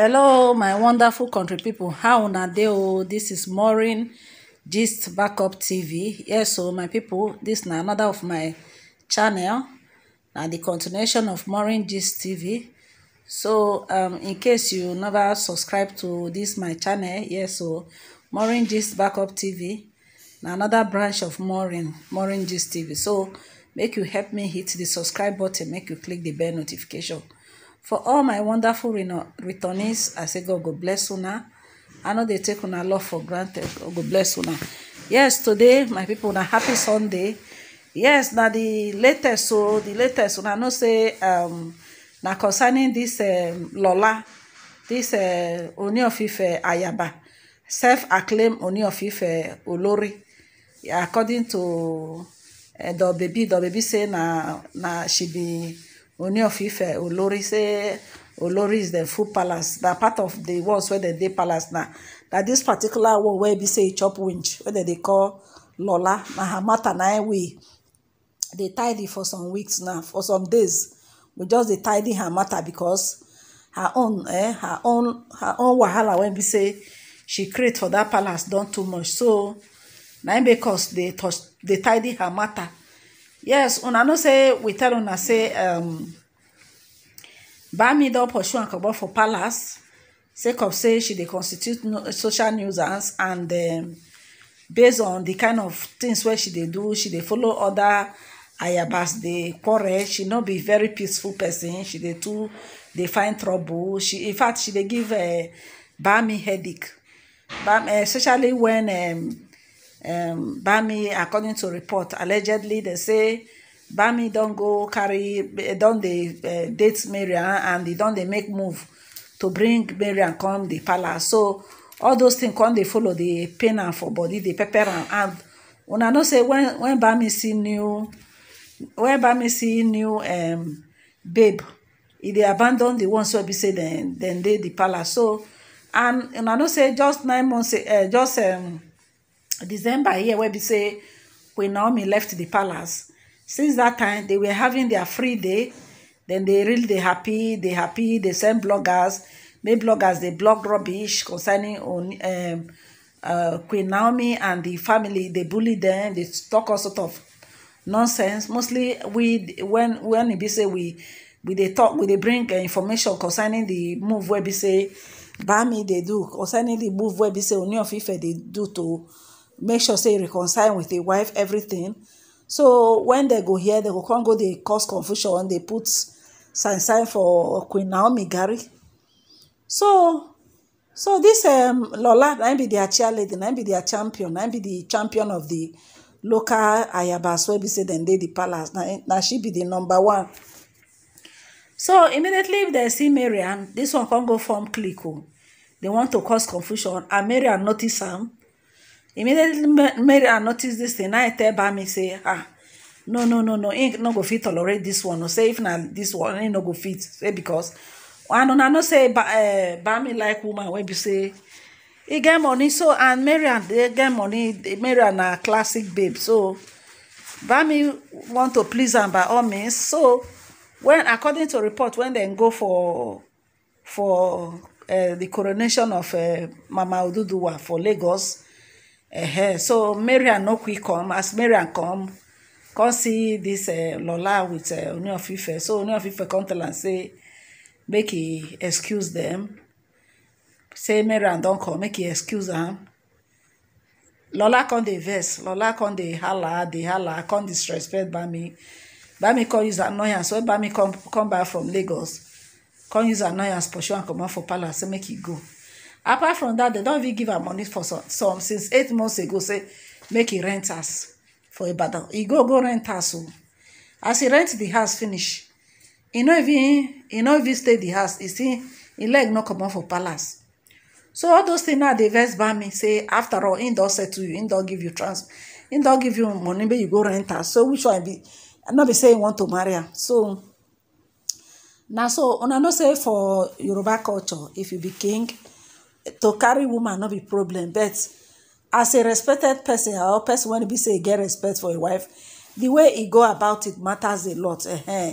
hello my wonderful country people. how una dey o oh? this is maureen gist backup tv yes so oh, my people, this na another of my channel na the continuation of maureen gist tv so um, in case you never subscribe to this my channel yes so oh, maureen gist backup tv na another branch of maureen maureen gist tv so make you help me hit the subscribe button make you click the bell notification for all my wonderful returnees i say god God bless una i know they take una lot for granted god go bless una yes today my people, na happy sunday yes now the latest so the latest una know say um na concerning um, lola dis uh, oni of ife ayaba self acclaim oni of ife olori according to uh, the baby the baby say na she be Oni of Ife, Olori say Olori is the full palace. Na part of the ones wey dem dey palace na. Na this particular one wey be say e chop winch, wey dem dey call Lola. Na her matter na im we dey tidy for some weeks now, for some days. We just dey tidy her matter because her own eh, her own her own wahala wey be say she create for that palace don too much. So na im make us dey tidy her matter yes una know say we tell una say um bami don pursue akogbo for palace sake of say she dey constitute social nuisance and um, based on the kind of things wey she dey do she dey follow other ayabas dey quarrel she not be very peaceful person she dey too dey find trouble she in fact she dey give uh, bami headache especially when. um, um, bami according to report allegedly they say bami don't go carry don't dey uh, date marian and e don't dey make move to bring marian come the palace so all those things come they follow the pain and for body dey pepper am and una know say when when bami see new when bami see new um, babe e they abandon the ones wey be say then then they the palace so and una know say just nine months uh, just um, december here wey be say queen naomi left the palace since that time they were having their free day Then they really they happy they happy they send bloggers make bloggers they blog rubbish concerning um, uh, queen naomi and the family They bully them. They talk all sort of nonsense mostly we when when e say we we they talk we they bring uh, information concerning the move wey be say bami they do concerning the move wey we say oni of ife do to make sure say e reconcile with the wife everything so when they go here, they go come go They cause confusion They put sign sign for queen naomi gary so so dis um, lola I be their cheerleader na im be their champion I be the champion of the local ayabas wey be say dem dey di palace na she be the number one so immediately they see marian this one come go form clique oh. They want to cause confusion and marian notice am immediately mary i notice dis thing i tell bami say ah no no no no im no go fit tolerate This one or say if na dis one im no go fit say because, and una know say eh, bami like woman wey be say e get money so and marian dey get money marian na classic babe so bami want to please am by all means so when according to report when dem go for for eh, the coronation of eh, mama oduduwa for lagos Uh-huh. So Mariam no quick come as Mariam come, come see this uh, Lola with uh, Ooni of So Ooni of come tell and say make he excuse them. Say Mariam don't come, make he excuse am. Lola come dey vex, Lola come dey hala, dey hala, come disrespect Bami. Bami come use annoyance. When Bami come come back from Lagos, come use annoyance pursue am comot for palace say make he go apart from that, they don't even give am money for some since eight months ago say make he rent us for a ibadan He go go rent us. So, oh. as he rent the house finish he no even he even stay the house He see he leg no come on for palace so all those things now they dey by me say after all im don settle you im don't give you trans im don't give you money But you go rent us. so which one be no be saying want to marry her. so now so una know say for yoruba culture if you be king to carry woman not be problem but as a respected person or person to be say get respect for a wife the way he go about it matters a lot uh-huh.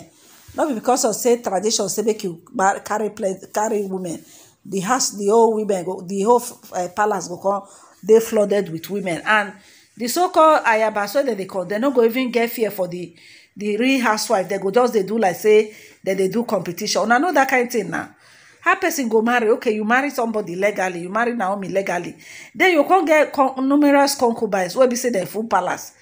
not be because of say tradition say make you carry carry women the house the whole women go the whole eh, palace go come They flooded with women and the so called ayabas wey dem they call They not go even get fear for the the real housewife They go just they do like say dem they do competition I know kind of thing now how person go marry okay you marry somebody legally you marry naomi legally then you can get numerous concubines wey be say the full palace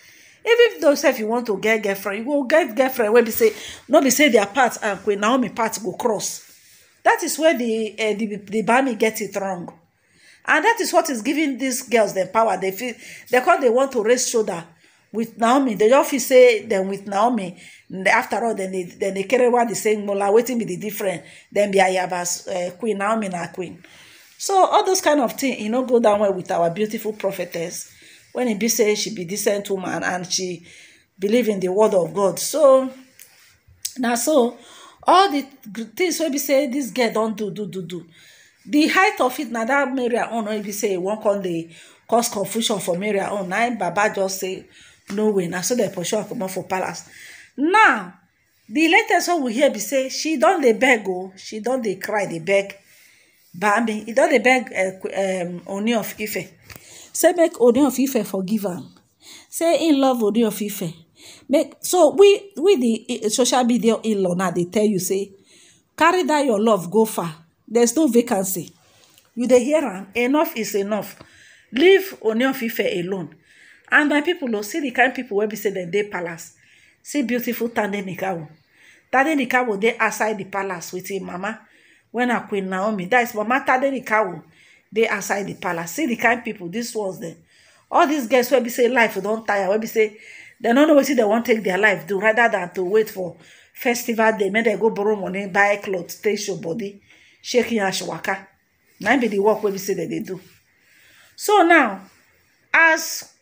even if you want to get girlfriend you go get girlfriend wey be say no be say their parts and queen naomi part go cross that is where the eh, the the bami get it wrong and that is what is giving these girls the power They feel they call they want to raise shoulder with naomi they just say then with naomi after all then they carry one the same mola waiting be the different. Then be ayabas uh, queen naomi na queen so all those kind of thing you know, go down well with our beautiful prophetess When it be say she be decent woman and she believe in the word of god so now, so all the things wey be say this girl not do do do do the height of it now that mary own if you say one wan they cause confusion for mary own na baba just say no way na so dem pursue her comot for palace now di latest one we hear be say she don dey beg o she don dey cry dey beg bami e don dey beg eh, oni of ife. say make oni of ife forgive am say im love oni of ife make so we we di eh, eh, social media in-law na dey tell you say carry that your love go far theres no vacancy you dey hear am enough is enough leave oni of ife alone. and my people, no see the kind people. Where we say dem day palace see beautiful tande nikawo tande nikawo They outside the palace with him, mama When a queen naomi dat is mama tande nikawo They outside the palace see the kind people. dis ones dem all these girls Where we say life don't tire Where we say they don't know wetin dem wan take their life do rather than to wait for festival day make they go borrow money buy clothes, take your body shake your shawaka. na be the work Where we say that they do so now as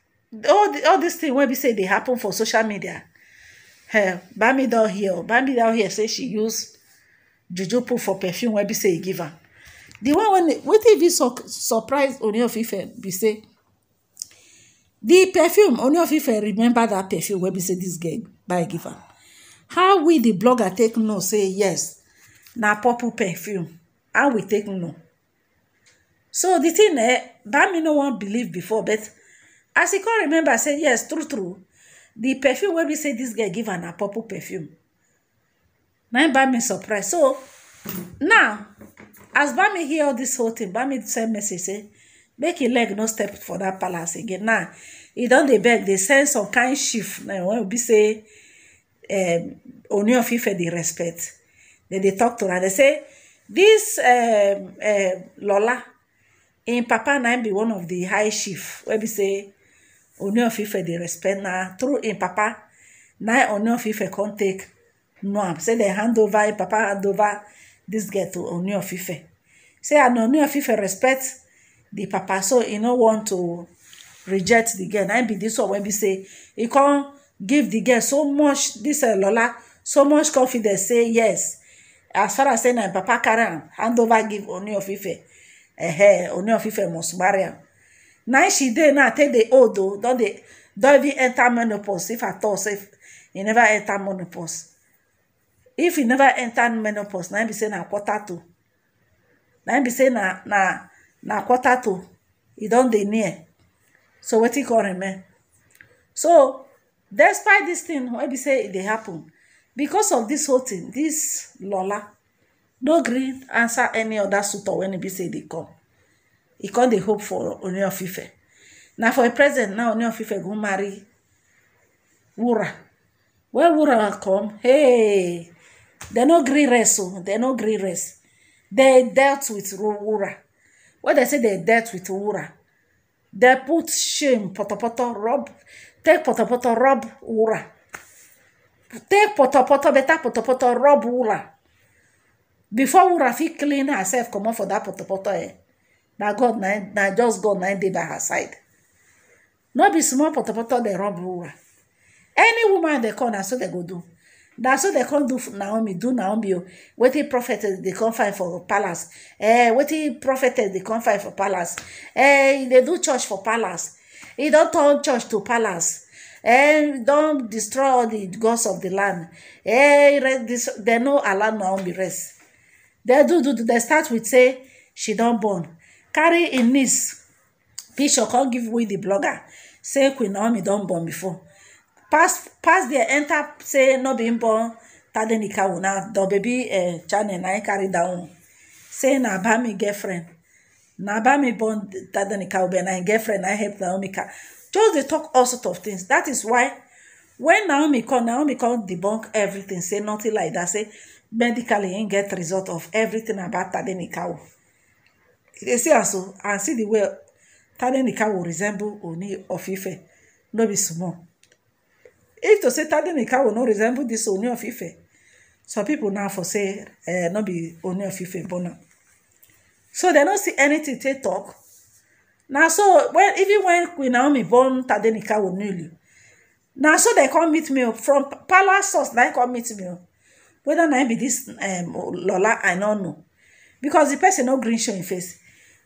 all all dis thing wey we say they happen for social media Hey, bami down here bami down here say she use juju poo for perfume wey we say e give am di one wey wetin be surprise only of ife we say the perfume only of ife remember that perfume wey we say this girl by give am how we the blogger take no say yes na purple perfume how we take no? so the thing, eh bami no one believe before but as e can remember say yes true true The perfume wey be say this girl give am na purple perfume na im me surprise so now as bami hear all this whole thing bami send message say make im leg no step for that palace again now e don dey beg dey send some kind chief na wey be say um, oni of ife dey respect dem dey talk to am dey say this um, dis um, lola im papa na im be one of the high chief wey be say Oni of Ife dey respect na through im papa na Oni of Ife come take know say dem hand over im papa hand over dis girl to Oni of Ife. Say and Oni of Ife respect di papa so e no want to reject di girl. Na im be dis one wey be say e come give di girl so much dis uh, Lola so much confidence say yes as far as say na im papa carry am hand over give Oni of Ife. Eh, Oni of Ife must marry am. Now she dey now take dey old o don dey don even enter menopause if at all If you never enter menopause if you never enter menopause now be saying a quarter to Now be saying na na na quarter to You don't dey near so wetin come remain so despite this thing what be say they happen because of this whole thing This lola no green answer any other suitor when he be say they come you con dey hope for oni ofife na for di present now oni ofife go marry wura wen wura come hey dem no gree rest o oh, dem no gree rest dem dealt with wura wen dem say dem dealt with wura dem put shame potopoto rub take potopoto rub wura take potopoto beta potopoto rub wura before wura fit clean herself comot for dat potopoto eh got god I just god nine day by her side no be small potopoto they rob rural any woman they come na so they go do na so they come do naomi do naomi o wetin prophet they come find for palace eh wetin prophet they come find for palace eh they do church for palace don't turn church to palace eh don't destroy all the gods of the land eh they know Allah naomi rest They do do They start with say she don't born carry im niece picture come give we the blogger say queen naomi don born before pass pass there enter say no be im born tadenika una the baby eh, channel na im carry dat one say na abami girlfriend na abami born tadenika ube na im girlfriend na help naomi car just dey talk all sort of things that is why when naomi come naomi come debunk everything say nothing like that say medically im get result of everything about tadenikawo they see am and see the way Tadenika will resemble Ooni of Ife no be small if to say Tadenika will not resemble this Ooni of Ife some people now for say uh, no be Ooni of Ife born so they no see anything they talk Now so when even when Queen Naomi born Tadenika will newly Now so they come meet me from palace source They come meet me whether na im be dis um, Lola I don't know because the person no green show im face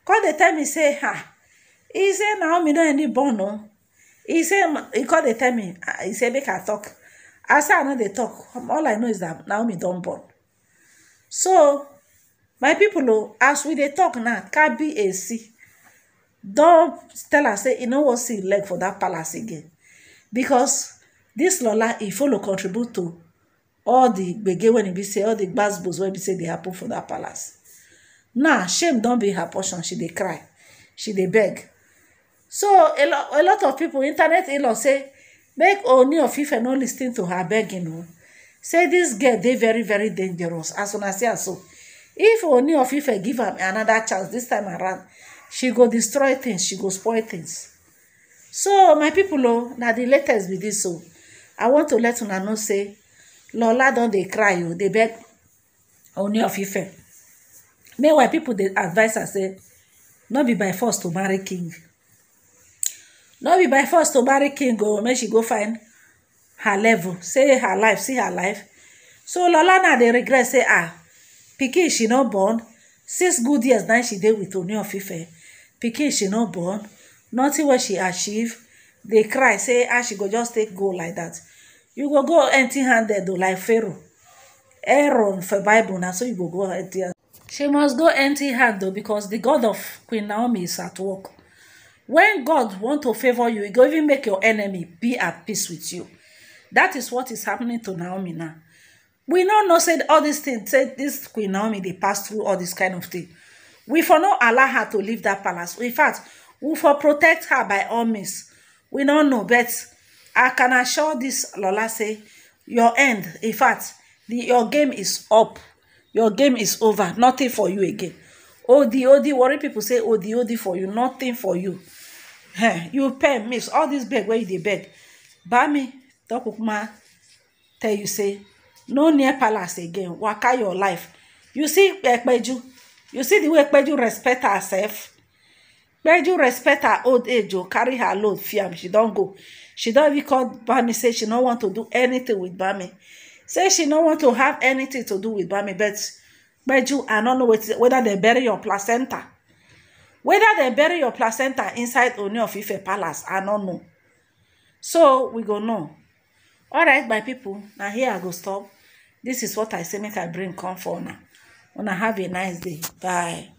come dey tell me say ah he say naomi no any born o oh. He say he come dey tell me He say make i talk i say i no dey talk all i know is that naomi don born so my people o oh, as we dey talk now kabi esi don tell am say e no wan see leg for that palace again because this lola e follow contribute to all the gbege wey e be say all di gbazgbos wey e be say dey happen for that palace now shame don be her portion she dey cry she dey beg so a lot a lot of people internet in-law say make Ooni of Ife no lis ten to her begging o oh. say this girl dey very very dangerous as una see am so if Ooni of Ife give am another chance this time around she go destroy things she go spoil things so my people o oh, na the latest be this, o oh. i want to let una know say Lola don dey cry o dey beg Ooni of Ife meanwhile people dey advise her say no be by force to marry king no be by force to marry king o oh, make she go find her level say her life see her life so lola na dey regret say ah pikin she no born six good years na she dey with oni of ife pikin she no born nothing wey she achieve dey cry say ah she go just take go like that. you go go empty handed o oh, like pharaoh aaron for bible na so you go go empty handed She must go empty hand though because the God of Queen Naomi is at work. When God want to favor you, he go even make your enemy be at peace with you. That is what is happening to Naomi now. We no know say all these things, say this Queen Naomi, they pass through all this kind of thing. We for no allow her to leave that palace. In fact, we for protect her by all means. We no know, but I can assure this Lola say, your end, in fact, the, your game is up your game is over nothing for you again odi odi worry people say odi odi for you nothing for you Heh, you pay miss all this beg wey you dey beg bami don kukuma tell you say no near palace again waka your life you see eh, peju you see the way peju respect herself peju respect her old age o oh, carry her load fear am she don't go she don't even call bami say she no want to do anything with bami say she no want to have anything to do with bami but gbeju i no know whether they bury your placenta whether they bury your placenta inside only of ife palace i no know so we go know alright my people. Now here i go stop This is what i say make i bring comfort now. Wanna have a nice day bye